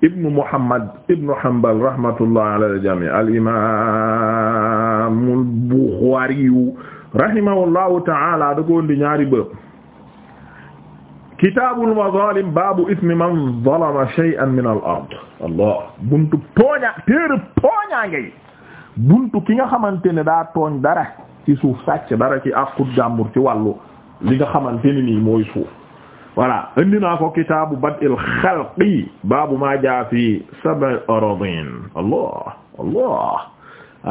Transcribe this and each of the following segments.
ibnu Muhammad ibnu Hanbal rahmatullah ala al-jami' al-imam al ko indi ñaari bërëb kitaabul mazaalim baabu ismi man zalama shay'an min al allah buntu tooña téere tooñaa ngay buntu ki nga xamante ne daa tooñ dara ci suuf sàcc dara ci àqu jàmbur ci wàllu li nga xamante ne nii voilà indi naa ko kitaabu bad'il xalqi baabu maa jaa fi sab'i aradin allah allah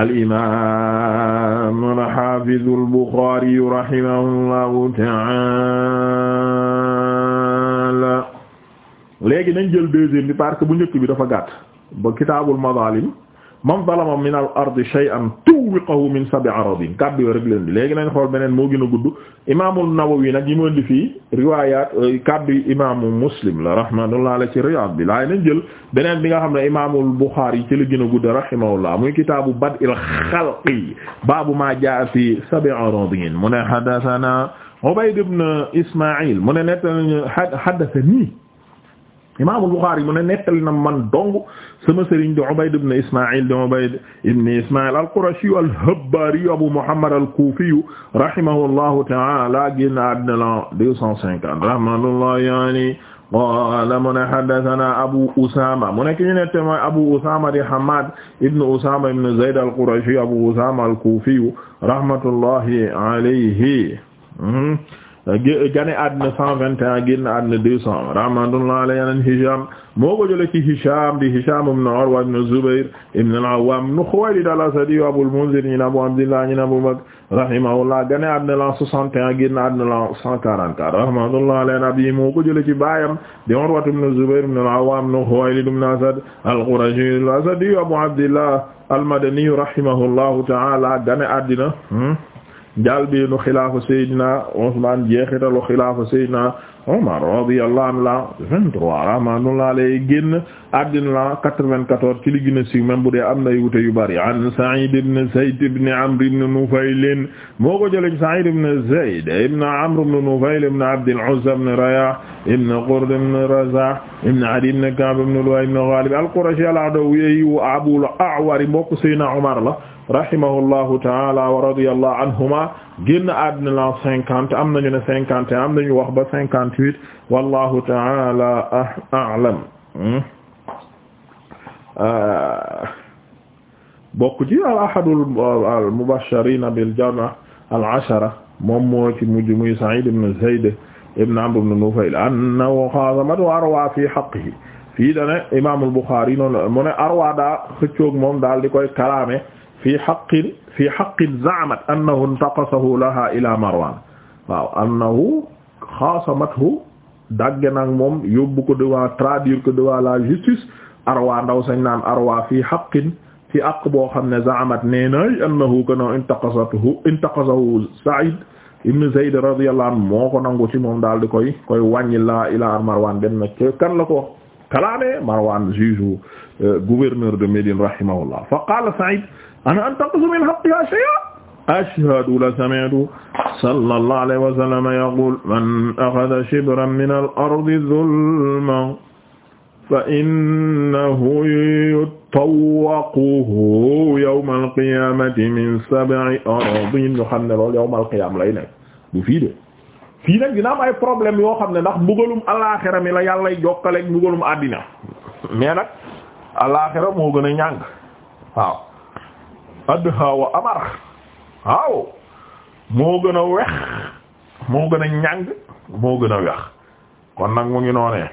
al-imaam al-haafiz al-Buxaari rahimahullahu ta'aala léegi nañ jël deuxième bi parce que bu njëkk bi dafa gàtt ba kitaabul mazaalim man zalama min al ardi shay'an tuwwiqahu min sab'i aradin kàddu yoo rek leen di léegi nañ xool beneen moo gën a gudd imaamu Nawawi nag yi moon di fii riwayat euh, kàddu imaamu Muslim la rahmatullah ala ci Riyaad bi laay nañ jël beneen bi nga xam ne imaamul Buxaari yi ci la gën a gudd rahimahullah muy kitaabu bad'il xalqi baabu maa jaa'a fi sab'i aradin mu ne haddathana Ubayd ibn Ismaa'il mu ne nettali haddathani imaamul Buxaari mu ne nettali na man dong sama sëriñ di Ubayd ibn Ismaïl di Ubayd ibn Ismaïl al-Qurashi al-Habbari Abu Muhammad al-Kufi rahimahullahu ta'ala génn àddina la 250 rahmatullahi yaani qala mu ne haddathana Abu Usama mu nekk ñu ne te mooy Abu Usama di Hammad ibn Usama ibn Zayd al-Qurashi Abu Usama al-Kufi rahmatullahi alayhi hmm. gane àddina cent vingt et un génn àddina deux cent rahmatullah alayhi an Hisham moo ko jëlee ci Hisham di Hisham ibn Urwa ibn Zubayr ibn al-Awwam ibn Khuwaylid al-Asadi Abul Munzir ñi Abu Abdillah ñi Abu Bakr rahimahullah gane àddina la soixante et un génn àddina la cent quarante quatre rahmatullah alayhi abi moo ko jëlee ci baayam di Urwa ibn Zubayr ibn al-Awwam ibn Khuwaylid ibn Asad al-Qurashi al-Asadi Abu Abdillah al-Madani rahimahullahu ta'ala gane àddina hmm? njaal beenu xilaafa Seydina Usmaan jeexitalu xilaafa Seydina Omar radiyallahu anhu la 23 rahmatullah alayhi génn àddina la 94 ci li gën a siiw même bu dee am na wute yu bari an Sa'id ibn Zayd ibn Amr ibn Nufayl moo ko jëlee Sa'id ibn Zayd ibn Amr ibn Nufayl ibn Abd al-Uzza ibn Riyah ibn Qurd ibn Razah ibn Adi ibn Ka'b ibn Lu'ay ibn Ghalib al-Qurashi al-Adawi Abu al-A'war mbokk Sayyidina Omar la rahimahullahu ta'ala wa radiyallahu anhuma génn àddina la cinquante am nañu ne cinquante am nañu wax ba cinquante huit wallahu taala a'lam hmm? euh, bokk ci al ahadul euh, al mubashirin bil janna al ashara moom moo ci mujj muy Sa'id ibn Zayd ibn Amr ibn Nufayl annahu xaasamatu arwa fi haqqihi fii dane imam al Bukhari noonu mu ne arwa daa xëccoog moom daal di koy kalaame fi haqqin fi haqqin za'amat annahu intaqasahu laha ila marwan waaw annahu xaasamathu dàgge nag moom yóbbu ko devant traduire ko devant la justice arwa ndaw sañ naan arwa fi haqqin ci àq boo xam ne zaamat nee nay annahu kana intaqasathu intaqasahu Sa'id ibn Zayd radiyallahu anhu moo ko nangu ci moom daal di koy koy wàññi la ila Marwan dem na ci kan la ko kalaamee Marwan juge Euh, gouverneur de Médine rahimahullah fa qaala Sa'id ana an tanqusu min haqqiha shay'an ashhadu la sami'tu sallallahu alayhi wa sallam yaqul man akhadha shibran min al-ardi zulman fa innahu yutawwaquhu yawmal qiyaamati min sab'i aradin yoo xam ne loolu yawmal qiyaam lay nekk du fii de fii nag dina am ay problème yoo xam ne ndax mbugalum alaaxira mi la yàllay jokkaleek mbugalum àddina mais nag alaaxira moo gën a ñàng waaw adha wa amar waaw moo gën a wex moo gën a ñàng moo gën a wex kon nag mu ngi noonee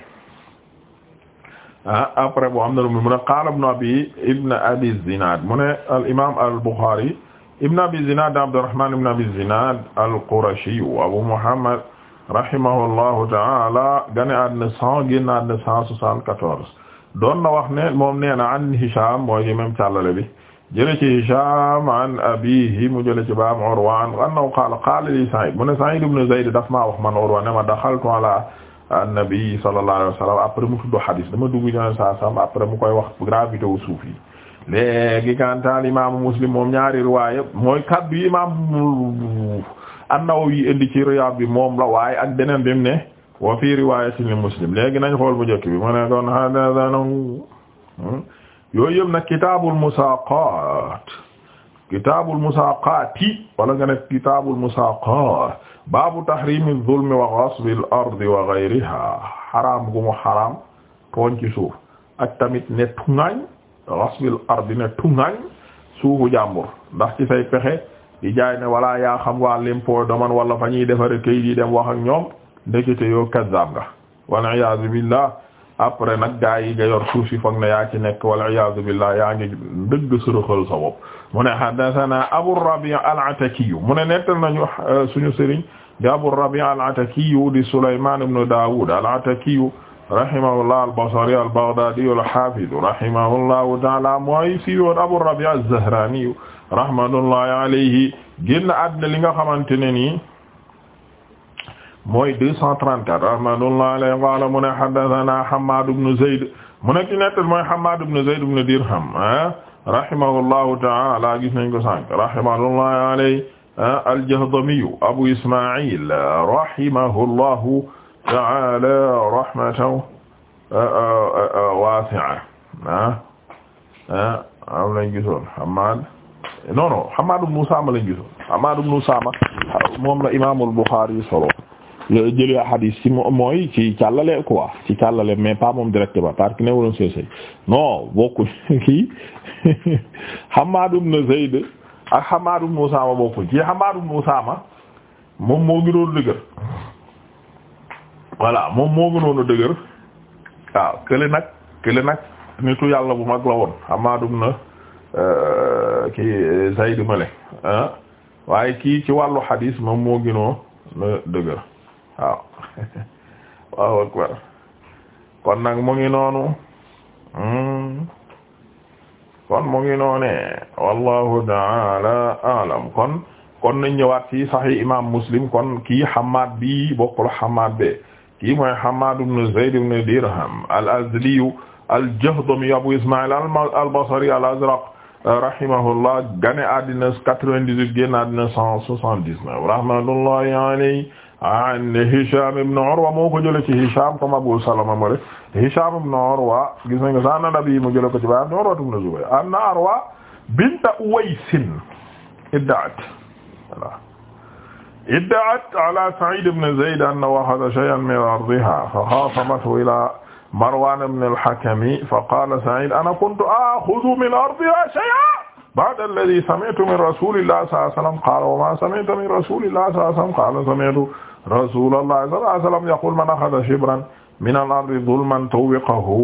ah après boo am na lu mu ne qaala ibn abi ibn abi zinad mu ne al imam al bukhari ibn abi zinad abdurrahman ibn abi zinad al qurashi abu muhammad rahimahullahu ta'ala gane àddina cent génn àddina cent soixante-quatorze doon na wax ne moom nee na an Hisham mooy ci même càllale bi jële ci Hisham an abihi mu jële ci baam Urwa an annahu qaala qaala li Sa'id mu ne Sa'id ibn Zayd daf maa wax man Urwa ne ma daxaltu ala annabi sallallahu alayhi wa sallam après mu tudd hadis dama dugg ñoon saa sam après mu koy wax gravité wu suuf yi léegi kantaal imaamu Muslim moom ñaari riwaaya mooy kaddu yi imam An-Nawawi indi ci Riyaad bi moom la waaye ak beneen bi ne wa fi riwaayatin li muslim léegi nañ xool bu njëkk bi mu ne kon hadathana hmm? yooyu yëpp nag kitaabul musaaqaat kitaabul musaaqaati wala nga ne kitaabul musaaqaat baabu tahriimi zulmi wa ghasbil ardi wa ghayrihaa xaraam gu mu xaraam tooñ ci suuf ak tamit ne tuŋaañ ghasbil ardi ne tuŋaañ suufu jàmbur ndax ci say pexe di jaay ne wala yaa xam waa l'impôt domaine wala fa ñuy defare kayit yi dem wax ak ñoom ndekete yoo kazzab nga wal iyaazu billah après nag gaa yi nga yor suuf si foog ne yaa ci nekk wal iyaazu billah yaa ngi dëgg sërëxal sa bopp mu ne haddathana Abu Rabi' al-Ataki mu ne nettal nañu euh, suñu sëriñ di Abu Rabi' al-Ataki di Sulayman ibn Dawud al-Ataki rahimahullah al-Basri al-Baghdadi al-Hafiz rahimahullahu ta'ala mooy si yoon Abu Rabi' az-Zahrani rahmatullahi alayhi génn àddina li nga xamante ne nii mooy 234 rahmatullah alayhi qala mu ne haddathana Hammad ibn Zayd mu ne ki nettal mooy Hammad ibn Zayd ibn Dirham ah, rahimahullahu ta'ala gis nañ ko sànq rahimahullah alayhi ah, al-Jahdami Abu Isma'il rahimahullahu ta'ala rahmatan ah, wasi'a am lañ gisoon Hammad non non Hammad ibn Usama lañ gisoon Hammad ibn Usama moom la Imam al-Bukhari solo jëlee hadis ci mooy ci càllale quoi ci càllale mais pas moom directement parce que newuloon sesey non bokkuñ kii Hammad ibn Zayd ak Hammad ibn Usama bokkuñ ci Hammad ibn Usama moom moo gënoon dëgër voilà moom moo gënoon a dëgër waaw kële nag kële nag nitu yàlla bu mag la woon Hammad ibn euh, kii Zayd male waaye kii ci wàllu hadis moom moo gënoon a dëgër waaw waaw akbar kon nag mu ngi noonu hmm. kon mu ngi noonee wallahu taala alam kon kon nañ ñëwaat ci sahih imam muslim kon kii Hammad bi bokkul Hammad be kii mooy Hammad ibn Zayd ibn Dirham al-Azdi al-Jahdami Abu Ismail al-Basri al-Azraq rahimahullah gane àddina 98 génn àddina 179 rahmatullahi alayhi an Hisham ibn Urwa moo ko jële ci Hisham comme Abu Salama mo rek Hisham ibn Urwa gis nañ ko sax na nabi mu jële ko ci baayam Urwa ibn Zubayr anna Urwa bint Uways idda'at voilà idda'at ala Sa'id ibn Zayd anna akhadha shay'an min ardiha fa khasamathu ila Marwan ibn al-Hakam fa qala Sa'id ana kuntu akhudhu min ardiha shay'an ba'da alladhi sami'tu min rasulillahi sallallahu alayhi wa sallam qaala wa ma sami'tu min rasulillahi sallallahu alayhi wa sallam qaala sami'tu rasulallahi sallallahu alayhi wa sallam yaqul man akhadha shibran min al-ardi dhulman tuwwiqahu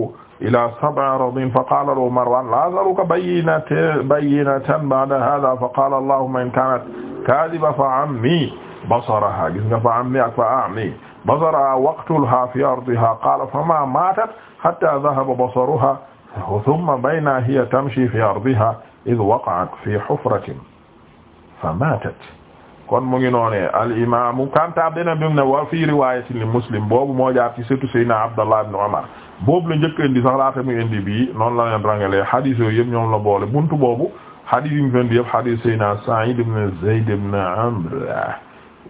ila sab'i aradin faqaala lahu Marwan laa as'aluka bayyinatan bayyinatan ba'da hadha faqaala allahumma in kaanat kaadhiba fa ammi basaraha gis nga fa ammi ak fa ammi basaraha waqtulha fi ardiha qaala fama maatat hatta dhahaba basaruha thumma bayna hiya tamshi fi ardiha id waqa'at fi hufratin fa matat kon mu ngi noonee al imamu kanta dena bim ne wa fi riwayatin li muslim boobu moo jaar ci surtout Seydina Abdallah ibn Umar boobu la njëkk indi sax laata muy indi bii noonu la leen rangalee hadis yooyu yëpp ñoom la boole buntu boobu hadis yi mu fen di yëpp hadis Seydina Sa'id ibn Zayd ibn Amr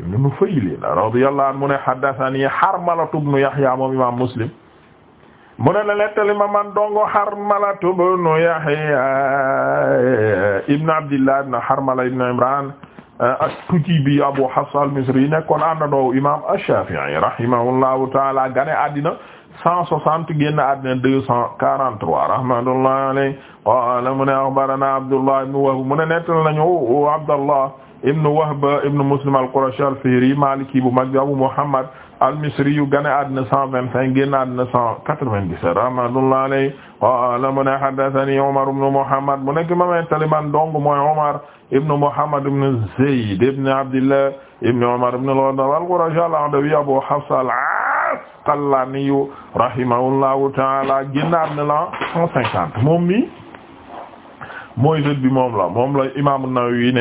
ibn Nufayl radiyallahu anhu mu ne haddathani Harmalatu ibn Yahya moom imam Muslim mu ne la nettali ma man dongo Harmala ibnu Yahya ibn Abdillah ibn Harmala ibn Imran eh, at-Tujibi Abu Hafs al-Misri nekkoon àndandoo imaam ash-Shafi'i rahimahullahu ta'ala gane àddina cent soixante génn àddina deux cent quarante-trois rahmatullahi alayhi qaala mu ne Abdullah ibn Wahb mu ne nettali Abdullah ibnu Wahb ibnu Muslim al-Qurashi al-Fihri maliki bu mag Abu Muhammad al-Misri gane àddina cent vingt-cinq génn àddina cent quatre-vingt-dix-sept rahmatullahi alayhi qaala mu ne Umar ibnu Muhammad mu nekk ma nettali dong mooy Umar ibnu Muhammad ibnu Zayd ibnu Abdillah ibnu Umar ibnu al-Khattab al-Qurashi Abu Hafs al-Asqalani rahimahullahu ta'ala génn àddina la cent cinquante moom mooy jët bi moom la moom la Imam An-Nawawi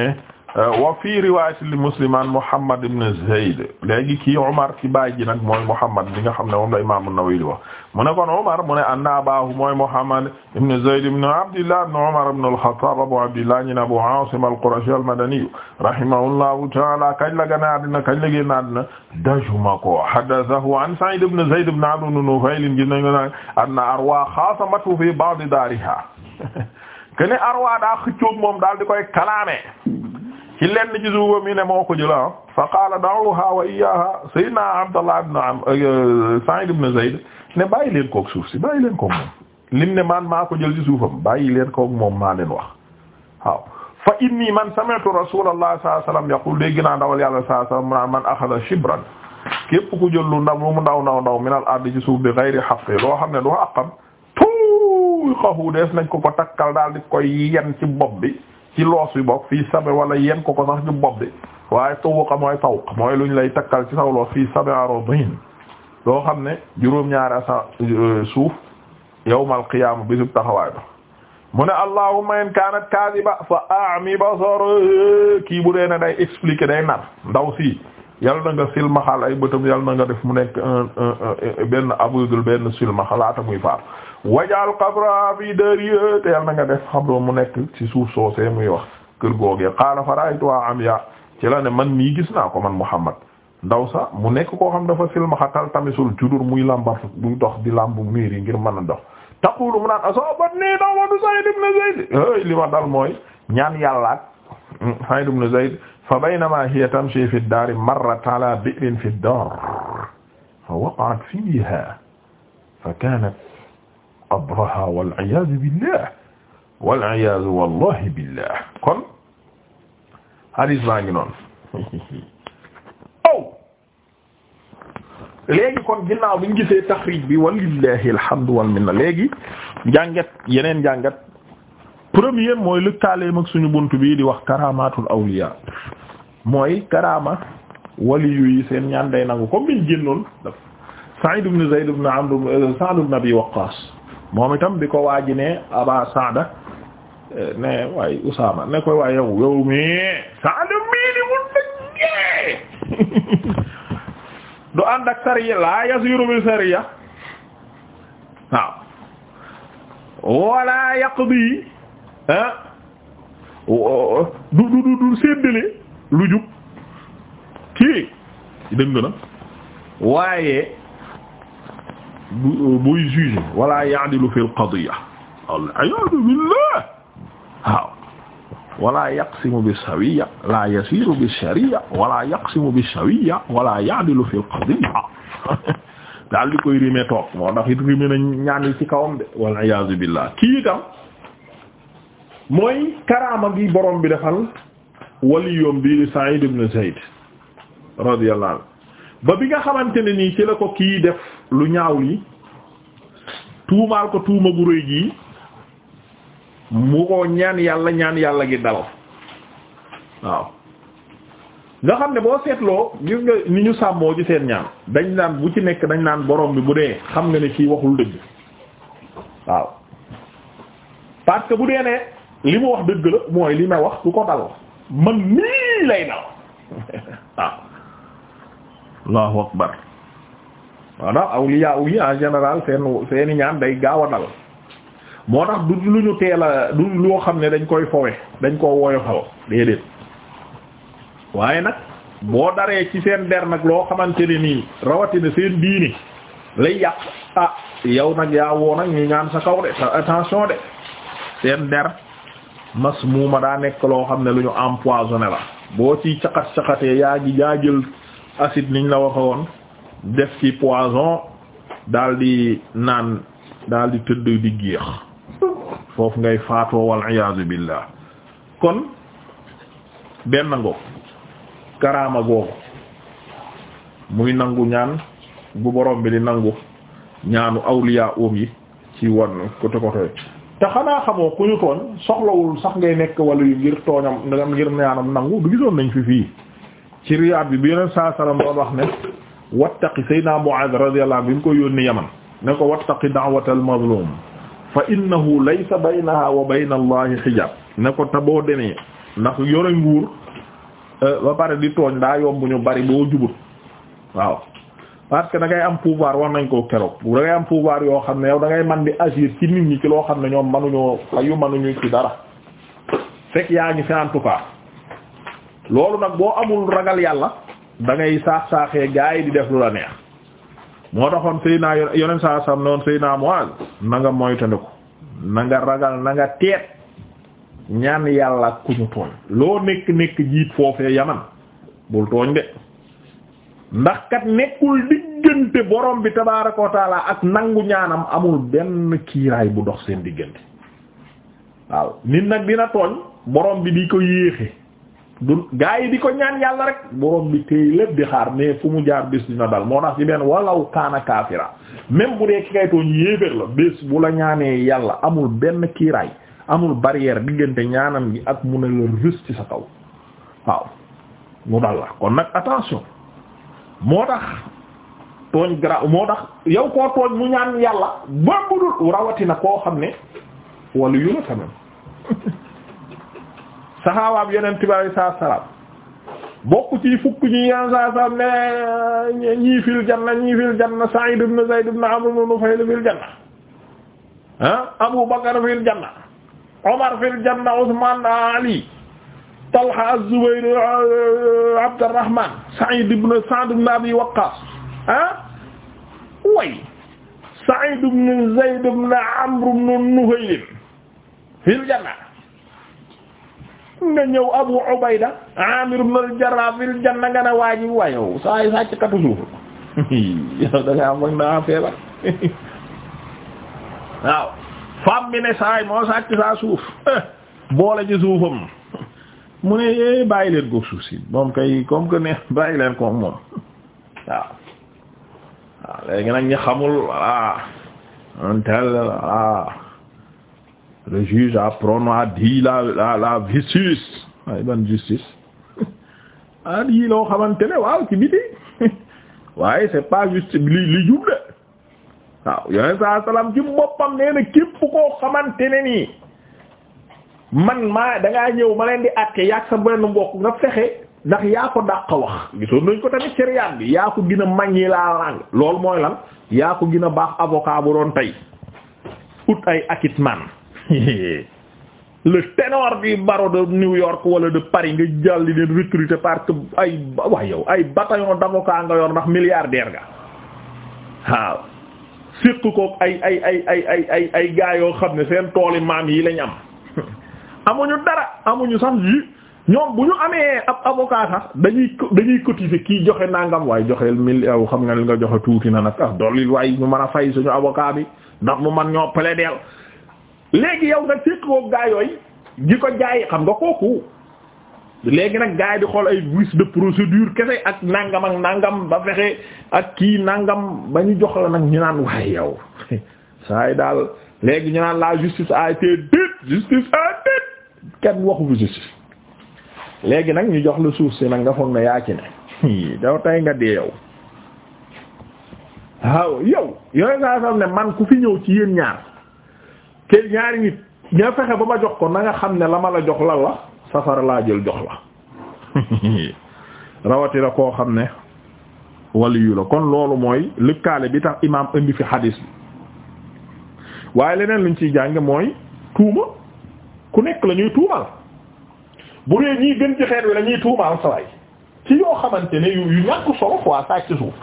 Euh, wa fi riwaayati li muslim an Muhammad ibn Zayd léegi kii Umar ci baay ji nag mooy Muhammad bi nga xam ne moom la Imaam An-Nawawi wax mu ne kon Umar mu ne anna abaahu mooy Muhammad ibn Zayd ibn Abdillah ibn Umar ibn al-Khattab Abu Abdillah ibn Abu Asim al-Qurashi al-Madani rahimahullahu ta'ala kañ la gën a addina kañ la génn addina dajuma ko haddathahu an Sa'id ibn Zayd ibn Amr ibn Nufayl anna Arwa khasamatu fi ba'd dariha kene Arwa daa xëccoog moom daal di koy kalaame ci lenn ci suufam yi ne moo ko jëla ah. fa qaala da'uha wa iyyaha sayyidina Abdallah ibn am euh, euh, Sa'id ne bàyyi leen kook suuf si bàyyi leen kook moom lim ne man maa ko jël ci suufam bàyyi leen kook moom maa leen wax waaw fa inni man sami'tu rasulullah sallallahu alayhi wasallam yaqul dégg naa ndawal yàlla sallallahu alayhi wasallam man akhadha shibran ku jël lu ndaw lu mu ndaw ndaw ndaw minal ardi ci suuf bi ghayri haqqi loo xam ne du haqqam tuuxahu dees nañ ko ko takkal daal di koy yen ci bopp bi ci loos bi bokk fii sabe wala yen ko ko sax ñu bopp bi waaye tawuqa mooy tawq mooy luñ lay takkal ci saw fii sabe aradin loo xam ne juróom-ñaari asa euh, suuf yawmal qiyaama bisub taxawaay ba mu ne allahumma in kaanat kaadiba fa a'mi basar kii bu dee ne day expliquer day nar ndaw si yal na nga silmaxal ay bëtam yal na nga def mu nekk benn aveugle benn silmaxa laata muy faatu wajal qabra fi dariya te yal na def xabro mu nekk ci suuf soosee muy wax kër googee qaala fara'aytu am ya ci la man mii gis naa ko man mu ndaw sa mu nekk koo xam dafa silmaxatal tamisul judur muy lambar buy dox di lambu miir yi ngir mën a dox taqulu mu naan asabat nii dawadu Sayd ibn Zayd li ma dal mooy ñaan yàllaat Sayd hmm, ibn Zayd fa baynama hiya tamshi fi daari marrat ala bi'rin fi daar fa waqa'at fiiha fa kaanat abraha wal iyaazu billah wal iyaazu wallahi billah kon hadis baa ngi noonu aw oh! léegi kon ginnaaw bi ñu gisee taxrij bi walillahi alhamdu wal minna léegi njàngat yeneen njàngat premier mooy lëkkaaleem ak suñu bunt bii di wax karamatul awliya mooy karama waliyu yi seen ñaan day nangu comme biñ génnoon daf Sa'id ibn Zayd ibn Amr euh, Sa'd moom itam bi ko waaji ne aba saada eh, ne waaye Usaama ne koy waaye yow yow mi saada mii ni mun na du ànd ak sariya laa yasiru bi sariya waaw wala yaqdi eh, du du du du séddale lu jub kii dëng na waaye buy euh, juger wala ya'dilu fil qadiyya al-'iyaadu billah waaw wala yaqsimu bis-sawiyya la yasiru bis-shariyya wala yaqsimu bis-sawiyya wala ya'dilu fil qadiyya daal di koy rimé toog moo tax it rimé na ñaan yi ci kawam de wal iyaazu billah kii itam mooy karaama bi borom bi defal waliyom bi di Sa'id ibn Zayd radiyallahu anhu ba bi nga xamante ne nii ci la ko kii def lu ñaaw li tuumaal ko tuuma gu rëy gii mu ko ñaan yàlla ñaan yàlla gi dal waaw nga xam ne boo seetloo ngir nga ni ñu sàmmoo ci seen ñaan dañ naan bu ci nekk dañ naan borom bi bu dee xam nga ne ci waxul dëgg waaw parce que bu dee ne li mu wax dëgg la mooy li ma wax du ko dal man nii lay dal waaw allahu akbar wala awliya yi en général seen seeni ñaan day gaaw a dal moo tax du lu ñu teel a du loo xam ne dañ koy fowe dañ koo woyofal déedéet waaye nag boo daree ci seen der nag loo xamante ne nii rawatina seen diini lay yàq ah yow nag yaa woo nag ñu ñaan sa kaw de sa attention de seen der mas muuma daa nekk loo xam ne lu ñu empoisonné la boo ci caqat-caqatee yaa ngi yaa jël acide niñ la waxe woon def ci poison daal di naan daal di tëdd di géex foofu ngay faatoo wal iyaazu billah kon benn ngo karaama googu muy nangu ñaan bu borom bi di nangu ñaanu awliya oom yi ci won côté côté te xanaa xamoo ku tooñ soxlawul sax ngay nekk wala yu ngir tooñam ngir ñaanam nangu du gisoon nañ fi fii ci riyaat bi bi yeneen saa doon wax ne wattaqi saydna Muaaz radiyallahu anhu bi mu ko yónni Yaman ne ko wattaqi da'watal mazlum fa innahu laysa baynaha wa bayna allahi xijaab ne ko te demee ndax yore nguur euh, ba pare di tooñ daa yombu ñu bari boo jubut waaw parce que da am pouvoir wax nañ ko keroog da ngay am pouvoir yoo xam ne yow da ngay man di agir ci nit ñi ci loo xam ne ñoom manuñoo yu manuñu ci dara fekk yaa ngi fi en tout loolu nag boo amul ragal yàlla da ngay saax saaxee gaa yi di def lu la neex moo taxoon Seydina yoneen saa sam noonu Seydina Muaz na nga moytandiku na ragal na teet ñaan yàlla ku ñu tooñ loo nekk nekk jiit foofee yaman bul tooñ de ndax kat nekkul diggante borom bi tabaaraka wa ak nangu ñaanam amul benn kiiraay bu dox seen diggante waaw nit nag dina tooñ borom bi di ko yéexe du gaa yi di ko ñaan yàlla rek borom bi téy lépp di xaar mais fu mu jaar bés dina dal moo tax ci benn walaw kaana kaafira même bu dee ki kay tooñ yéeféer la bés bu la ñaanee yàlla amul benn kiiraay amul barrière diggante ñaanam gi ak mu ne la rus ci sa kaw waaw mu dal la kon nag attention moo tax tooñ gra moo tax yow koo tooñ mu ñaan yàlla ba budul rawatina koo xam ne wala yu la tamit saxaabaab yonent bi alayhi salaam bokk ci fukk ñi yonent saa saa ne ñii fil janna ñii fil janna Sa'id ibn Zayd ibn Amr ibn Nufayl fil janna ah Abu Bakr fil janna Omar fil janna Usman Ali Talha az-Zubayr ah, Abdurrahman Sa'id ibn Sa'd ibn Abi Waqqas ah way Sa'id ibn Zayd ibn Amr ibn Nufayl fil janna nga ñëw Abu Ubayda Amir ibn al-Jarrah fil janna nga ne waa ji waayow saa yi sàcc katu suuf yow da ngaa foog naa feebar waaw femme bi ne saay moo sàcc saa suuf boole ci suufam mu ne eh, bàyyi leen ko suuf si moom kay comme que ne bàyyi ko moom waaw waaw léegi nag ñi xamul voilà on tel le juge a prononcé la la la justice waaye justice ah lii xamante ne waaw ci biti waaye c'est pas juste li li juble waaw yoneen saa salaam ci boppam nee na képp koo xamante ne nii man maa dangaa ñëw ma leen di àtte yaag sa benn mbokk nga fexe ndax yaa ko dàq wax gisoon nañ ko tamit céréale bi yaa ko gën a yi laa làng loolu mooy lan yaa ko gën a baax avocat bu doon tey ut ay acquittement le ténor bi barreau de New York wala de Paris nga jàll di leen recruter que ay wax yow ay bataillon d'avocats nga yor ndax milliardaire nga waaw séq koog ay ay ay ay ay ay ay gaa yoo xam ne seen tooli maam yi lañ am amuñu dara amuñu sax ju ñoom bu ñu amee ab avocat sax dañuy dañuy cotiser kii joxe nangam waaye joxeel mille xam nga li nga joxe tuuti na nag ah dolli waaye ñu mën a fay suñu avocat bi ndax mu man ñoo del léegi yow nga séqoo gaa yooyu di ko jaay xam nga kooku léegi nag gaa yi di xool ay vices de procédure kese ak nangam ak nangam ba fexe ak kii nangam ba ñu jox la nag ñu naan waaye yow saa yi daal léegi ñu naan la justice a été kenn waxu fi léegi nag ñu jox la suuf si nag nga foog na yaa ci ne daw nga dee yow waaw yow yooyu nga xam ne man ku fi ñëw ci yéen ñaar. kër ñaari nit ña fexe ba ma jox ko nanga xam ne la ma la jox la la safara laa jël jox la rawatina koo xam ne waliyu la kon loolu mooy lëkkaale bi tax imaam indi fi xadiis waaye leneen luñ ciy jàng mooy tuuma ku nekk la ñuy tuumal bu dee ñii gën ci xeet wi la ñuy saway ci yoo xamante ne yu yu ñàkk solo quoi saaj ci suuf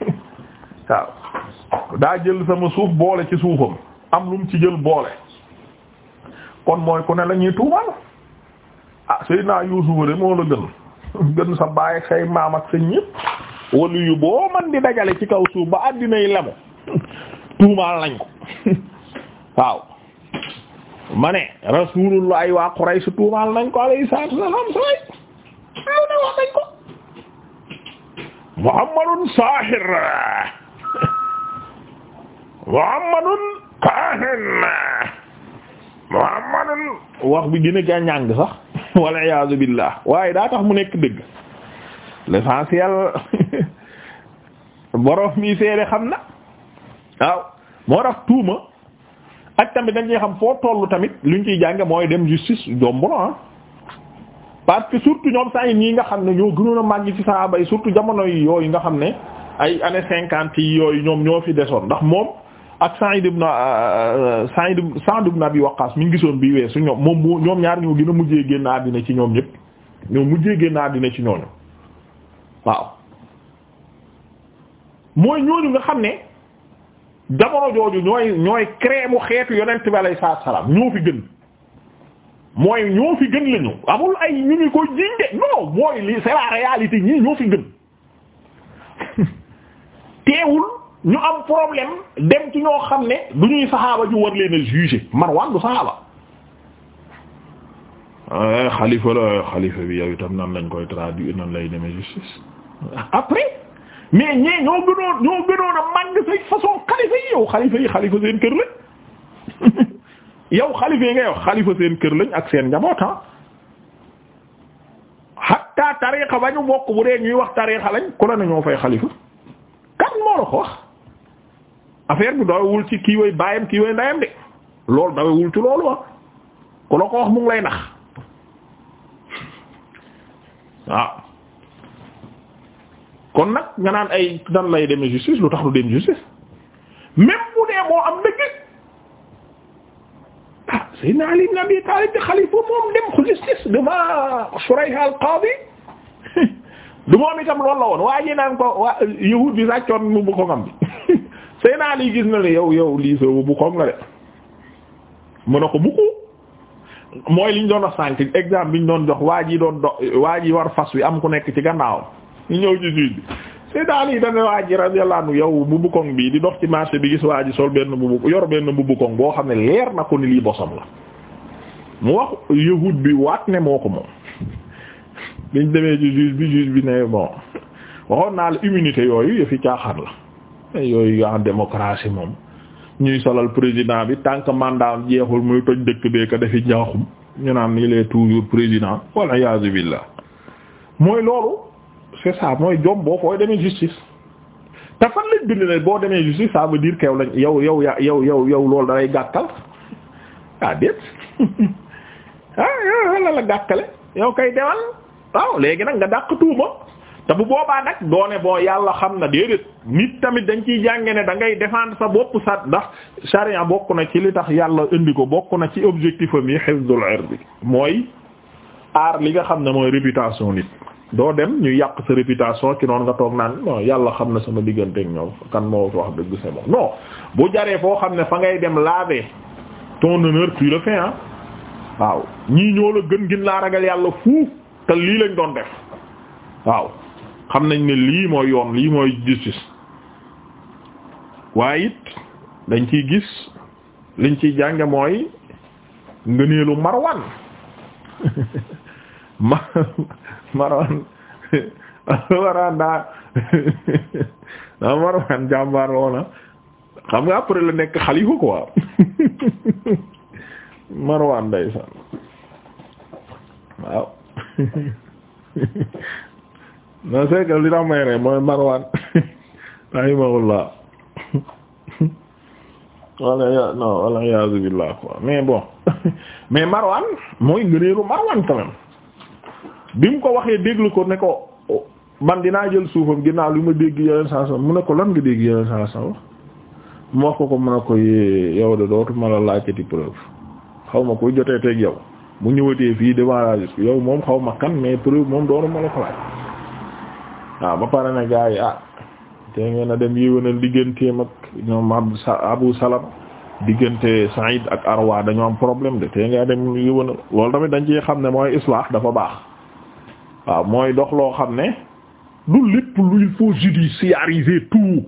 waaw daa jël sama suuf boole ci suufam am lu mu ci jël boole kon mooy ku ne la ñuy tuumal ah Seydina Yuusufa de moo la gën gën sa baay ak say maam ak sa ñëpp wala yu boo man di dajale ci kaw suuf ba àddina yi lemu tuumaal nañ ko waaw ma ne Rasulullah ay waa Quraysh tuumaal nañ ko alayhi salaatu wassalaam say lu ne wax nañ ko Muhammadun saahir Muhammadun kaahin muhammadun wax bi gën a gaa sax walla iyaazu billaah waaye daa tax mu nekk dëgg l'essentiel borom mi seede xam na waaw moo tax tuuma ak tamit dañ xam foo tollu tamit luñ ciy jànge mooy dem justice jomb na ah. parce que surtout ñoom saa yi ñii nga xam ne ñoo gënoon a màgg ci saaba yi surtout jamono yooyu nga xam ne ay années cinquante yi yooyu ñoom ñoo fi desoon ndax moom ak Sa'id ibn Sa'id euh, euh, Sa'd ibn Abi Waqqas mi ngi gisoon bi weesu ñoom moom ñoom ñaar ñoo gën a mujjee génn àddina ci ñoom ñëpp ñoo mujjee génn àddina ci ñooñu waaw mooy ñooñu nga xam ne jamono jooju ñooy ñooy crème xeetu yonent bi alayhi salaatu salaam ñoo fi gën mooy ñoo fi gën lañu amul ay ñu ngi koy jiñ de non mooy li réalité ñii ñoo fi gën teewul. ñu am problème dem ci ñoo xam ne du ñuy saxaaba ju war leen a juger Marwan du eh, xalifa la xalifa bi yow itam nan lañ koy traduire nan lay demee justice après mais ñee ñoo gënoon ñoo gënoon a màgg say façon xalifa yi yow xalifa yi xalifa seen kër lañ yow xalifa yi nga yow xalifa seen kër lañ ak seen njaboot ah. hatta tariixa ba ñu bokk bu dee ñuy wax tariixa lañ ku la na ñoo fay xalifa kan moo la ko wax affaire bi dawewul ci kii way baayam kii way ndayam de loolu dawewul ci loolu wa ah. ku la ko wax lay nax waaw kon nag nga naan ay dan lay demee justice lu tax lu dem justice même bu dee moo am dëgg ah Seydina Ali ibn Abi Talib di xalifa moom dem justice devant Shurayh al-Qadi du moom itam loolu la woon waa ji naan ko waa yahud bi sàccoon mu bu ko ngam bi sëy naa lii gis na ne yow yow lii soobu bu koom nga de mun na ko bukku mooy liñ doon a sànk exemple biñ doon jox waa ji doon do waa ji war fas wi am ku nekk ci gannaaw ñu ñëw ci suite bi sëy naa lii dana waa ji radiyallahu anhu yow bu bukkoŋ bi di dox ci marché bi gis waa ji sol benn bu yor benn bu bukkoŋ boo xam ne leer na ko ni lii bosam la mu wax yahud bi waat ne moo ko moom biñ demee ci juge bi juge bi ne bon waxoon naa la immunité yooyu Eh, yooyu en démocratie moom ñuy solal président bi tant que mandat jeexul muy toj dëkk bee ko defi njaaxum ñu naan il est toujours président walla iyaazu billah mooy loolu c'est ça mooy jom boo koy demee justice te fan lañ bind ne boo demee justice ça veut dire que yow lañ yow yow ya yow yow yow loolu dalay gàkkal ah déet ah yow la la gàkkale yow kay demal waaw léegi nag nga dàq tuuma. te bu boobaa nag doone boo yàlla xam na déedéet nit tamit dañ ciy jànge ne da ngay défendre sa bopp sat ndax charia bokk na ci li tax yàlla indi ko bokk na ci objectif am yi hifzul bi mooy aar li nga xam ne mooy réputation nit doo dem ñu yàq sa réputation ci noonu nga toog naan yàlla xam na sama diggante ak ñoom kan moo wax dëgg c'est bon bu jaree foo xam ne fa ngay dem laver ton honneur tu le fais waaw ñii ñoo la gën gën laa ragal yàlla fuuf te lii lañ doon def xam nañ ne lii mooy yoon lii mooy justice waaye dañ ciy gis liñ ciy jànge mooy ngëneelu Marwan Marwan Marwan daa Marwan jàmbaar woona xam nga après la nekk xalifa quoi Marwan day san waaw non c'est li tax may rek mooy Marwan rahimahullah wala non wala mais bon mais Marwan mooy ngëneelu Marwan quand bi mu ko waxee déglu ko ne ko oh, man dinaa jël suufam ginnaaw li ma dégg yeneen saa sa mu ne ko lan nga dégg yeneen saa sa mu wax ko ko mën a koy yow de dootuma la laajtati preuve xaw ma koy jotee teeg yow bu ñëwatee fii devant la yow moom xaw ma kan mais preuve moom dootuma la ko laaj waaw ba pare na gaa yi ah te ngeen a dem yéwénal digganteem ak ñoom Abu Salama diggante Saïd ak Arwa dañoo am problème de te nga dem yéwénal loolu tamit dañ ci xam ne mooy islah dafa baax waaw mooy dox loo xam ne du lépp lu il faut judiciariser tout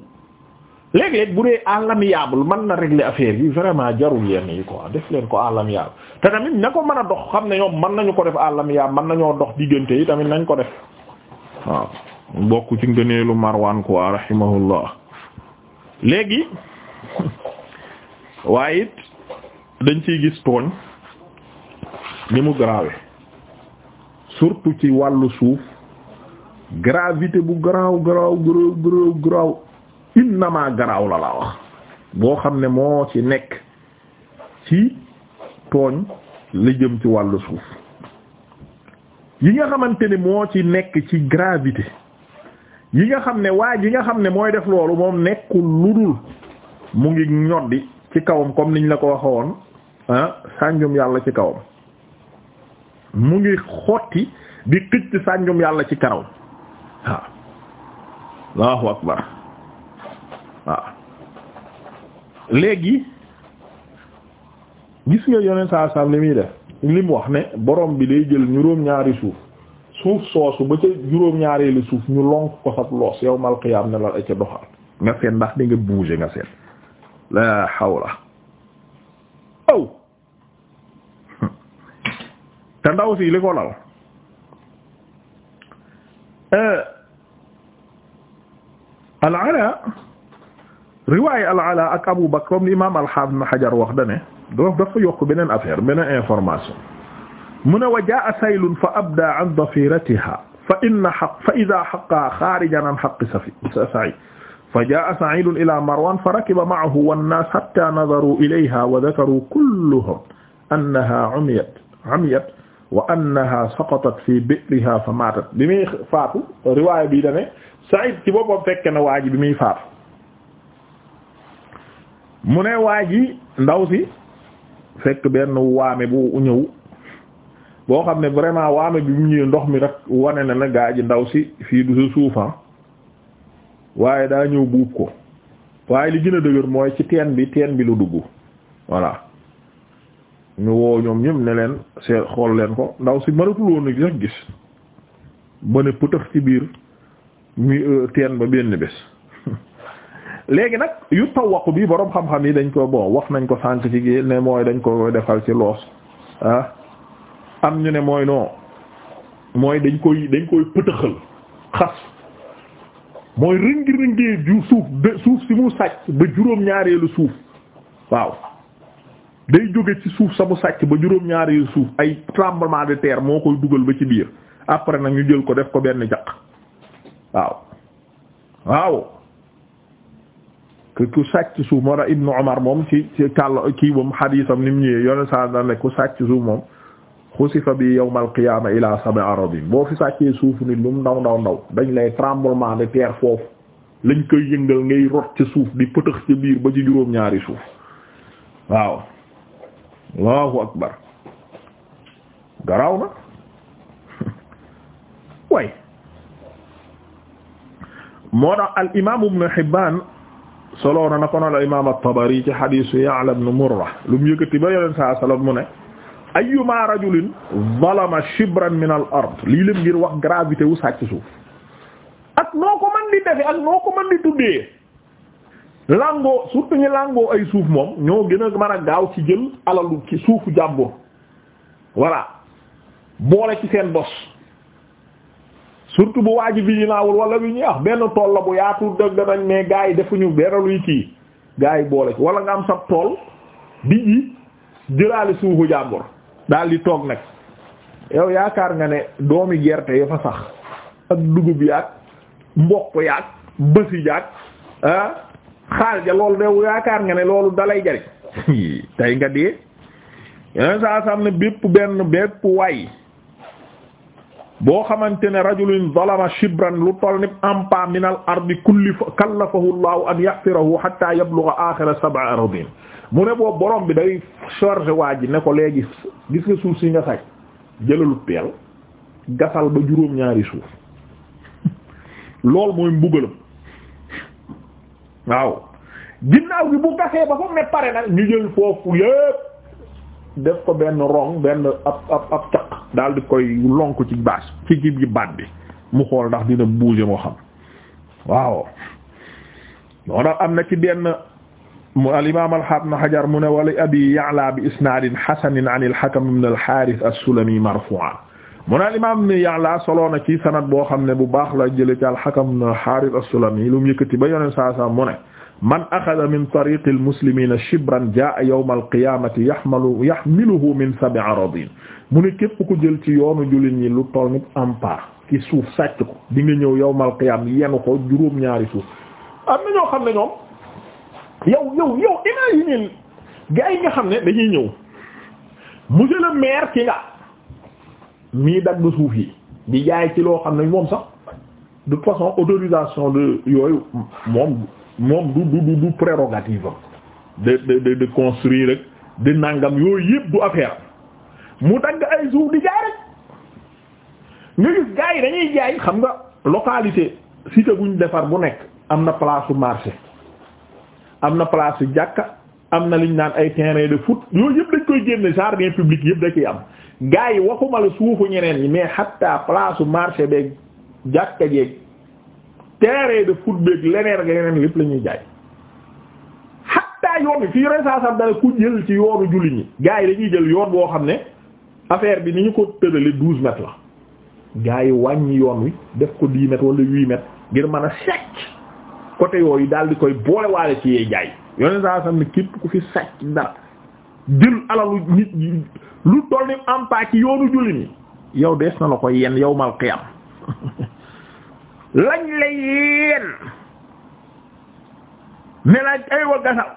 léeg-léeg bu dee à l'amiable na régler affaire yi vraiment jarul yenn yi ko def leen ko à l'amiable te tamit na ko mën a dox xam ne ñoom mën nañu ko def à man mën nañoo dox diggante yi tamit nañ ko def bokk ci ngëneelu Marwan quoi rahimahullah léegi waaye dañ ciy gis tooñ ni mu grave surtout ci wàllu suuf gravité bu garaaw garaaw garaaw garaaw garaaw innama garaaw la laa wax boo xam ne moo ci nekk ci tooñ li jëm ci wàllu suuf yi nga xamante ne moo ci nekk ci gravité yi nga xam ne waaj yi nga xam ne mooy def loolu moom nekkul ludul mu ngi ñoddi ci kawam comme niñ la ko waxe woon ah yàlla ci kawam mu ngi xotti di yàlla ci karaw waaw allahu akbar waaw léegi gis nga yoneen saa saam li muy def li wax ne borom bi day jël ñuróom ñaari suuf suuf soosu ba ca juróom-ñaareelu suuf ñu lonk ko sab loos yawmal qiyaam ne la ca doxal nga seet ndax di nga nga seet la hawla aw te si li ko lal euh, al-Alaa al ak Abu Bakr comme l'imam al-Hafiz Ibn Hajar wax dane dafa yokk beneen affaire beneen information mu ne wa jaa saylun fa abda an dafiratiha fa inna xaq fa ida xaqaa xaarijan an xaqi safi said fa jaa saidun ila marwan fa rakiba maahu wannaas xatta nadaruu ilayha wa dakaruu kulluhum annaha umiyat umiyat wa annaha saqatat fi bi'riha fa maatat bi muy faatu riwaaya bi dane Saïd ci boppam fekk na waa ji bi muy faatu mu ne waa ji ndaw si fekk benn waame bu ñëw boo xam ne vraiment waame bi mu ñëwee ndox mi rek wane na na gaa ji ndaw si fii du sa suufan ah. waaye daa ñëw buub ko waaye li gën a dëgër mooy ci teen bi teen bi lu dugg voilà ñu woo ñoom ñëpp ne leen seet xool leen ko ndaw si mënatuloon a gis ba ne pëtëx ci biir euh, teen ba benn bés léegi nag yu tawwaqu bi boroom xam-xam yi dañ ko bon wax nañ ko sànk ci ne mooy dañ ko defal ci loos ah am ñu ne mooy noo mooy dañ koy dañ koy pëtëxal xas mooy ringi ringee suuf suuf si mu sàcc ba juróom-ñaareelu suuf waaw day jóge ci suuf sa mu sàcc ba juróom-ñaareelu suuf ay tremblement de terre moo koy dugal ba ci biir après nag ñu jël ko def ko benn jaq waaw waaw ku sàcc suuf moo tax Ibnu Umar moom ci ci kàll kii bam xadiisam ni mu ñëwee yoone saa ne ku sàcc suuf moom xusifa bi yawmal qiyaama ila sami aradin boo fi sàccee suuf nit lu mu ndaw ndaw ndaw dañ lay tremblement de terre foofu lañ koy yëngal ngay rot ca suuf di pëtëx ci biir ba ci juróom ñaari suuf waaw allahu akbar garaaw na way moo tax al imaam ibn Hibbaan soloona na ko al imaam at-Tabari ci xadiisu Ya'la ibn Murra lu mu yëkkati ba yoleen saa sallam mu ne ayyuma rajulin zalama shibran min al ard lii lépp ngir wax gravité wu sàcc suuf ak noo ko mën di defe ak noo ko mën di tuddee langoo surtout ñu langoo ay suuf moom ñoo gën a mën a gaaw ci jël alalu ci suufu jàmbur voilà boole ci seen bos surtout bu waa ji viginaawul wala bi ñuy wax benn tool la bu yaatu dëgg nañ mais gars yi defuñu benn luy kii gars boole ci wala nga am sab tool di ji jëlaale suufu jàmbur daal di toog nag yow yaakaar nga ne doomi gerte ya fa sax ak dugub yaag mboq yaag bësi yaag ah, xaal ja loolu de yaakaar nga ne loolu dalay jariñ tey nga dee yeneen ne bépp benn bépp waay boo xamante ne rajulun zalama shibran lu toll ni ampa min al ardi kulli kallafahu llahu an yahfirahu hatta yablugha akhira sab'a aradin mu ne boobu borom bi day chargé waa ji ne ko léegi gis nga suuf si nga sàcc jëlalu peel gasal ba juróom-ñaari suuf lool mooy mbugalam waaw ginnaaw gi bu gasee ba foog ne pare nag ñu jël foofu yépp def ko benn rong benn ab ab ab caq daal di koy lonk ci bâche ci kii bi baat bi mu xool ndax dina bouger moo xam waaw moo tax am na ci benn mu al-imaam al-haafiz ibn Hajar mu ne wa li Abi Ya'la bi isnaadin hasanin an al-Hakam ibn al-Haarith as-Sulami marfuu'an mu ne al-imaam ibn Ya'la soloo na ci sanad boo xam ne bu baax la jëlee ci al-Hakam ibn al-Haarith as-Sulami lu mu yëkkati ba yoneen saa saa mu ne man axada min tariiqi al-muslimiina shibran jaa'a yawma al-qiyaamati yahmalu yahmiluhu min sab'i aradiin mu ne képp ku jël ci yoonu jullit ñi lu toll nit am paar ci suuf sàcc ko di nga ñëw yawmal qiyaam yenu ko juróom-ñaari suuf am na ñoo xam ne ñoom yow yow yow imagine gaa yi nga xam ne dañuy ñëw mu monsieur le maire ci nga mii dagg suuf yi di jaay ci loo xam ne moom sax de façon autorisation de yooyu moom moom du du du de de de de rek di nangam yooyu yëpp du affaire mu dagg ay suuf di jaay rek nga gis gaa yi dañuy jaay xam nga localité cité buñ defar bu nekk am na place marché. am na place yu jàkka am na liñ naan ay terrain de foot yooyu yëpp dañ koy génne jardin public yëpp da ciy am gars yi waxuma la suufu ñeneen yi mais hatta place su marché beeg jàkka jeeg terrain de foot beeg leneen ak leneen lépp la ñuy jaay. hatta yoon bi fii yore saa sax dara ku jël ci yoonu julli ñi gars yi dañuy jël yoon boo xam ne affaire bi ni ñu ko tëralee douze mètres la gars yi wàññi yoon wi def ko dix mètres wala huit mètres ngir mën a sec. côté yooyu daal di koy boolewaale ci yee jaay yoneen saa sam ne képp ku fi sàcc dara jël alalu nit ñi lu toll ni am paa ci yoonu julli mi yow dees na la ko yenn yawmal qiyam lañ la yenn ne la ay wa gasal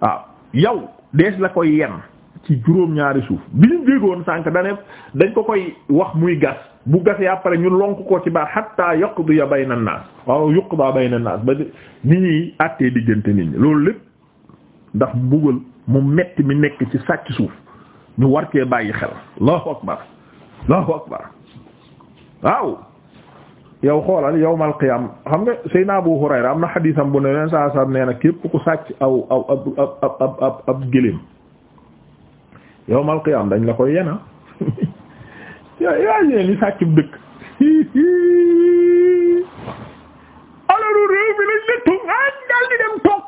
waaw yow dees la ko yenn ci juróom-ñaari suuf bi ñu déggoon sànk dane dañ ko koy wax muy gas bu gasee après ñu lonk ko ci baat hatta yaqdiya bayna an-nas waaw yuqda bayna an-nas ba ni ñi àttee diggante nit ñi loolu lépp ndax mbugal mu metti mi nekk ci sàcc suuf ñu war cee bàyyi xel allahu akbar allahu akbar waaw yow xoolal yawmal qiyaam xam nga Seydina Abu Hurayra am na xadiisam bu ne saa saa nee na képp ku sàcc aw aw ab ab ab ab ab gëléem yawmal qiyaam dañ la koy yena yow imagine li sàcc bu dëkk alalu réew mi lañ la tënkaat ah, daal di dem toog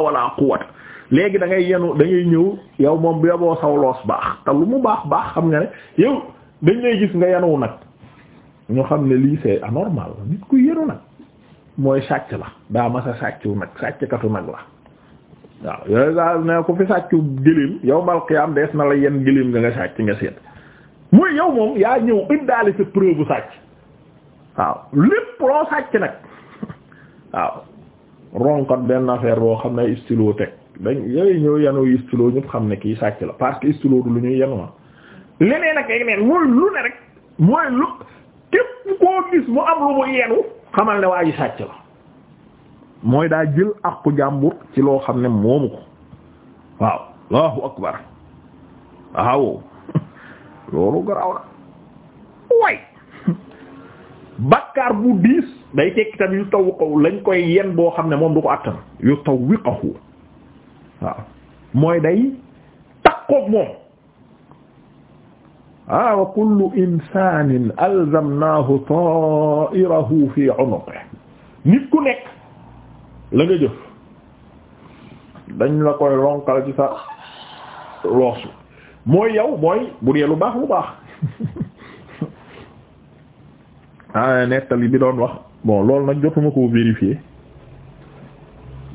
laa léegi da ngay yenu da ñëw yow moom bu yaboo saw loos baax te lu mu baax baax xam nga ne yow dañ lay gis nga yenu nag ñu xam ne lii c'est anormal nit ku yenu nag mooy sàcc la daa ma masa sàccu nag sàcckatu nag la waaw yooyu daal ne ku fi sàccu gëléem yawmal qiyaam dees na la yenn gëléem nga nga sàcc nga seet muy yow moom yaa ñëw indaale sa preuve bu sàcc waaw lépp loo sàcc nag waaw ronkot benn affaire boo xam ne stylo teg dañ yooyu ñëw yenu stylo ñëpp xam ne kii sàcc la parce que stylo du lu ñuy yenu ma leneen ak leneen mooy lu ne rek mooy lu képp koo gis mu am lu mu yenu xamal ne waa sàcc la mooy daa jël àqu jàmbur ci loo xam ne moomu ko waaw allahu akbar waaw loolu garaaw na way bakkaar bu day tekki yu tawwiqahu lañ koy yen boo xam ne moom du ko yu tawwiqahu mooy day takkoog moom ah wa kullu insanin alzamnahu fi unuqihi la jëf dañ la koy ronkal ci sa loosu mooy yow mooy bu dee lu baax lu baax ah nettali bi doon wax bon loolu nag jotuma koo vérifier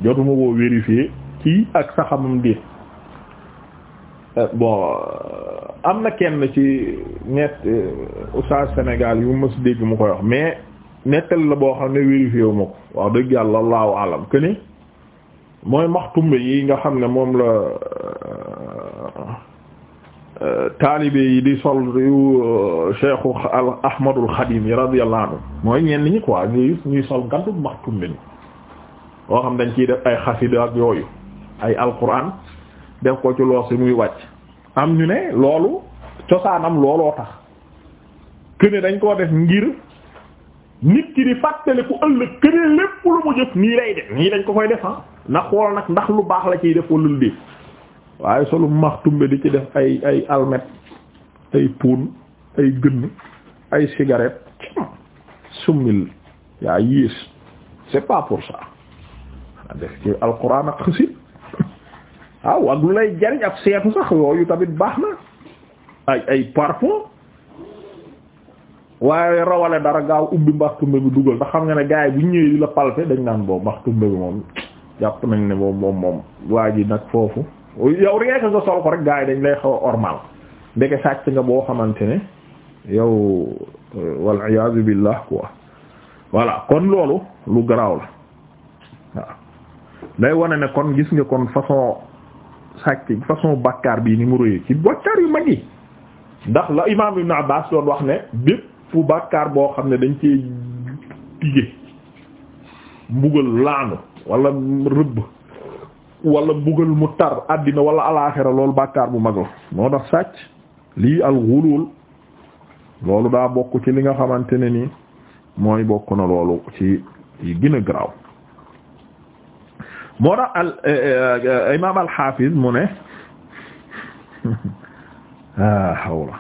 jotuma koo vérifier kii ak saxamam di eh, bon am na kenn ci ñett eh, oustaz Sénégal yu ma si dégg mu koy wax mais nettali la boo xam ne vérifié wu ma ko wax dëgg yàlla allahu alam que ni mooy maxtumbe yi nga xam ne moom la euh, euh, taalibe yi di sol yu euh, cheikhu ahmadul xadim yi radiyallahu anhu mooy ñenn ñi quoi ñuy ñuy sol ngandul maxtumbe ni boo xam dañ ciy def ay xasida yooyu ay alquran def ko ci lool si muy wàcc am ñu ne loolu cosaanam looloo tax que dañ koo def ngir nit ki di fàttaliku ëllëg kënee lépp lu mu jëf nii lay def nii dañ ko koy def ah na xool nag ndax lu baax la ciy def walla lu def waaye solu max tumbe di ci def ay ay almet ay puun ay gën ay cigarette summil yaa yées c'est pas pour ça def ci alquran ak xësit waaw ak lu lay jariñ ab seetu sax yooyu tamit baax na ay ay parfum waaye rawale dara gaaw ubbi mbaxtumbe bi dugal ndax xam nga ne gars yi bu ñëwee di la palpe dañ naan boobu mbaxtumbe bi moom jàpp nañ ne moom moom moom waa ji nag foofu yow rien que nga sol ko rek gars dañ lay xaw a ormal ndeke sàcc nga boo xamante ne yow euh, wal iyaazu billah quoi voilà kon loolu lu garaaw la waaw wane ne kon gis nga kon façon sàcc façon bakkaar bii ni mu rëy ci bakkaar yu mag yi ndax la imaam ibn Abbaas doon wax ne bépp fu bàkkaar boo xam ne dañ cee tige mbugal laanu wala rëbb wala mbugal mu àddina wala alaaxira loolu bàkkaar bu mag la moo tax sàcc lii al ghulul loolu daa bokk ci li nga xamante ne ni mooy bokk na loolu ci yi gën a garaaw moo tax al eh, eh, imaam al xaafiz mu ne hawla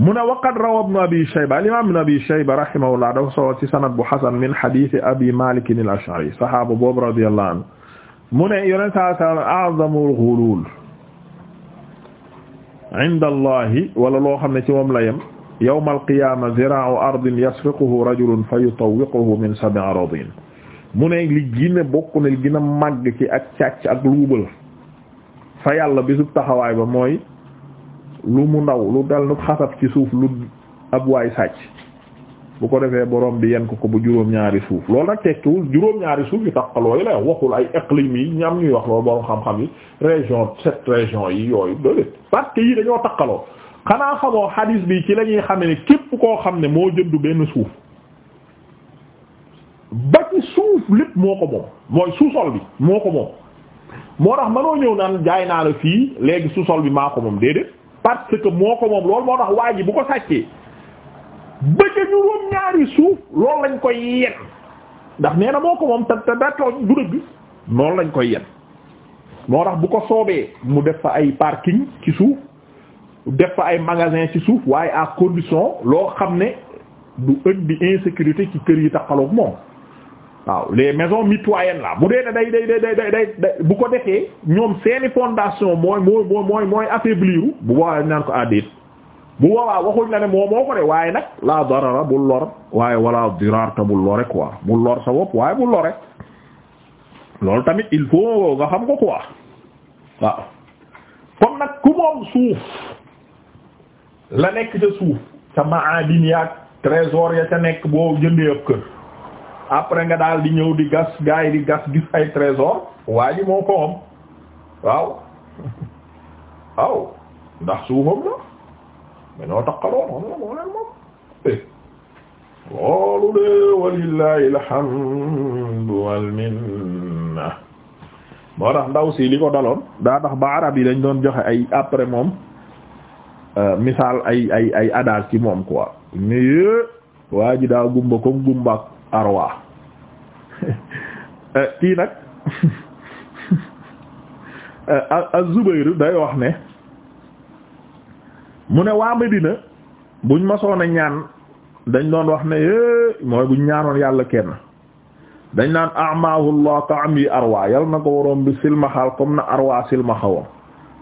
mu ne waqad rawa ibnu abi shayba al-imam ibnu abi shayba rahimahullah dafa solo ci sanad bu hasan min hadith abi malik al-ash'ari sahaaba boobu radiyallahu anhu mu ne yonent saa sallam a'zamul ghulul inda allahi wala loo xam ne ci moom la yem yawmal qiyaama ziraa'u ardin yasriquhu rajulun fayutawwiquhu min sab'i aradin mu ne li gina bokk na li gina màgg ci ak càcc ak luubal fa yàlla bisub taxawaay ba mooy lu mu ndaw lu dal nu xasab ci suuf lu ab waay sàcc bu ko defee boroom bi yen ko ko bu juróom-ñaari suuf loolu nag tekkiwul juróom-ñaari suuf yu taqaloo yi la waxul ay éclimes yi ñam ñuy wax loolu borom xam-xam yi région sept région yi yooyu doole parce que yi dañoo taqaloo xanaa xamoo hadis bi ci lañuy ñuy xam ne képp koo xam ne moo jëndu benn suuf ba ci suuf lépp moo ko moom mooy sous-sol bi moo ko moom moo tax mënoo ñëw naan jaay naa la fii léegi sous-sol bi maa moom déedéet parce que moo ko moom loolu moo tax waa ji bu ko sàccee ba ca juróom ñaari suuf loolu lañ koy yen ndax nee na moo ko moom te te daa tooñ du dëgg noonu lañ koy yen moo tax bu ko soobee mu def fa ay parking ci suuf def fa ay magasin ci suuf waaye ak condition loo xam ne du indi insécurité ci kër yi taxaloog moom waaw les maison mitoyennes là bu dee ne day day day day day bu ko defee ñoom seeni fondation mooy mooy mooy mooy affaiblir bu boobaa naan ko àddiit bu boobaa waxuñ la ne moo moo ko de waaye nag la darara bul lor waaye wala dirar ta bul lore quoi bul lor sa bopp waaye bul lore loolu tamit il faut nga xam ko quoi waaw comme nag ku moom suuf la nekk ca suuf ca maadin yaag trésor ya ca nekk boo jëndee ab kër après nga daal di ñëw di gas gars di gas gis ay trésor waa ji moo ko waaw waaw ndax suufam la mais ñoo taqaloo moo leen moom eh. moo tax ndaw si li ko daloon daa tax ba arab yi dañ doon joxe ay après moom euh, misaal ay ay ay ci moom quoi mais waa ji daa gumba comme gumbaak arwa eh, kii nag eh, a zubayr day wax ne mu ne waa Medina buñ masoon a ñaan dañ doon wax ne eh, mooy buñ ñaanoon yàlla kenn dañ naan amaahu Allah am yi arwa yal na ko waroon bi silmaxaal comme na arwa silmaxa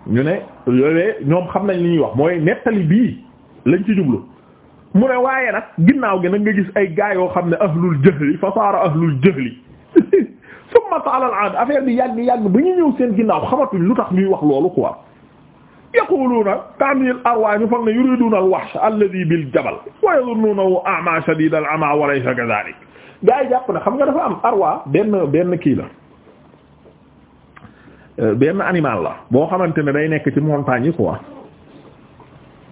ñu ne yooyu ñoom xam nañ li ñuy wax mooy nettali bii lañ ci jublu mu ne waaye nag ginnaaw gi nag nga gis ay gaa yoo xam ne ahlul jahli fa saara ahlul jahli summa taala al yàgg yàgg ba ñu ñëw ginnaaw xamatuñ lu tax ñuy wax loolu quoi yaquluuna taamil arwaa ñu foog yu yuriduuna al wahsh bi bil jabal wa yadhunnunahu a'ma shadid al ama wa laysa kadhalik gaa yi jàpp ne xam nga dafa am arwa benn benn kii la euh, benn animal la boo xamante ne day nekk ci montagne yi quoi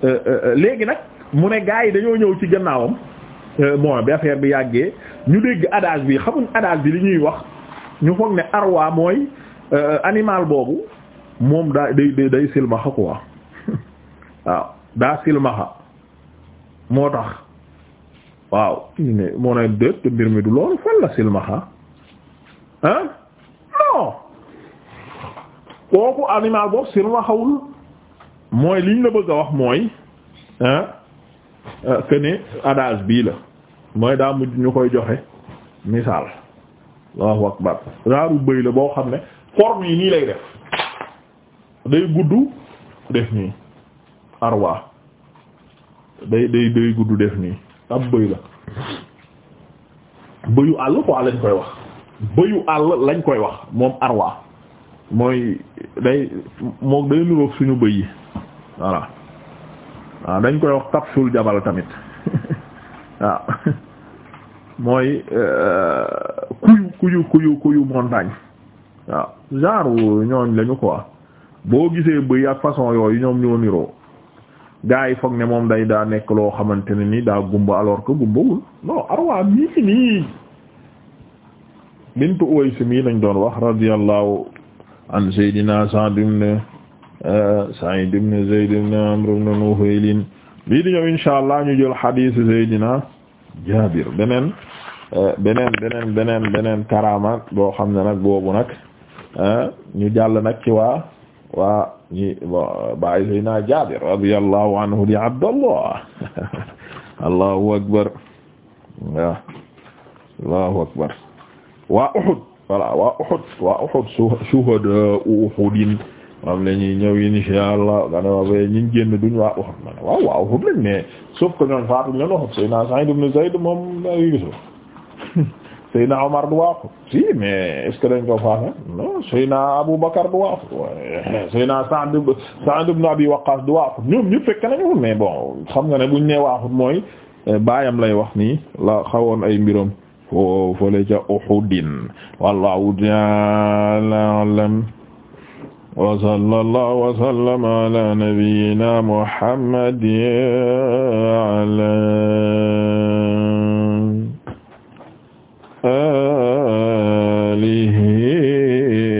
euh, euh, léegi nag mu ne gars yi dañoo ñëw ci gannaawam mooy euh, bi affaire bi yàggee ñu dégg adage bi xamuñ adage bi li ñuy wax ñu foog ne arwa mooy euh, animal boobu moom daa day day silmaxa quoi waaw daa silmaxa moo tax waaw moo ne déet mbir mi du loolu fan la silmaxa ah non kooku animal boobu silmaxawul mooy liñ la bëgg a wax mooy Euh, que ne bii la mooy daa mujj ñu koy joxe misaal allahu akbar raaru bëy la boo xam ne forme yi nii lay def day gudd def nii arwa day day day nii ab bëy la bëyu àll quoi lañ koy wax bëyu àll lañ koy wax moom arwa mooy day moom day nuroog suñu bëy yi voilà waaw dañ koy wax capsule jabal tamit waaw mooy euh, kuyu kuyu kuyu kuyu montagne waaw genre ñooñ lañu quoi boo gisee bëy ak façon yooyu ñoom ñoo niroo gaa yi foog ne moom day daa nekk loo xamante ne ni daa gumba alors que gumbawul non arwaa mii nii bintu Uways mii lañ doon wax radiyallahu an sayyidina Sa'd Sa'id ibn Zayd ibn Amr ibn Nuhayl bii di ñëw insha allah ñu jël hadith Seydina Jaabir beneen beneen beneen beneen beneen karama boo xam ne nag boobu nag ñu jàll nag ci waa waa ñi bàyyi Seydina Jaabir radiyallahu anhu di Abdallah allahu akbar waaw allahu akbar waa Uhud voilà waa Uhud waa Uhud shuhada Uhudin moom la ñuy ñëw insha allah dana waa ba ñi génn duñ waa Uhud ma waaw waaw Uhud lañ ne sauf que ñoom faatuñ leen Uhud Seydina Sa'id ibn Zayd du waa Uhud si Abu Bakar du waa Uhud Seydina fekk nañu mais bon xam nga ne buñ nee waa mooy eh, baayam lay wax nii la xawoon ay mbiram foo foo la ca Uhudin wallahu ta'ala a'lam wa sallallahu wa sallama ala nabiyyina muhammadin ala alihi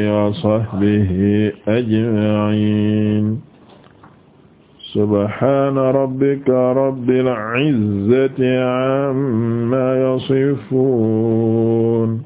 wa sahbihi ajma'in subhana rabbika rabbil izzati amma yasifun